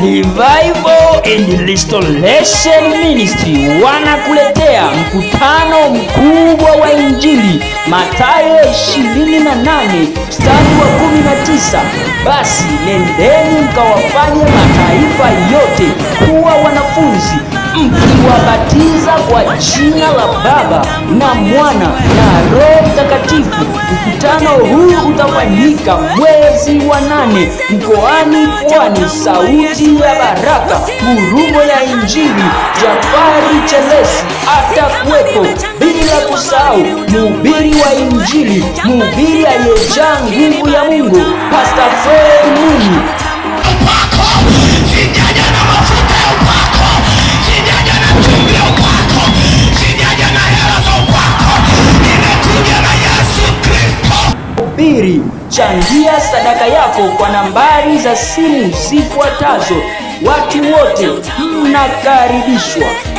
Revival and Restoration Ministry wanakuletea mkutano mkubwa wa Injili Mathayo 28 mstari wa 19, basi nendeni mkawafanye mataifa yote kuwa wanafunzi mkiwabatiza kwa jina la Baba na Mwana na Roho Mtakatifu Mkutano huu utafanyika mwezi wa nane mkoani Pwani. Sauti ya Baraka, Ngurumo ya Injili, Jafari Chelesi atakuwepo, bila kusahau mhubiri wa Injili, mhubiri aliyejaa nguvu ya Mungu, Pastor Fred mhubiri. Changia sadaka yako kwa nambari za simu zifuatazo. Watu wote mnakaribishwa.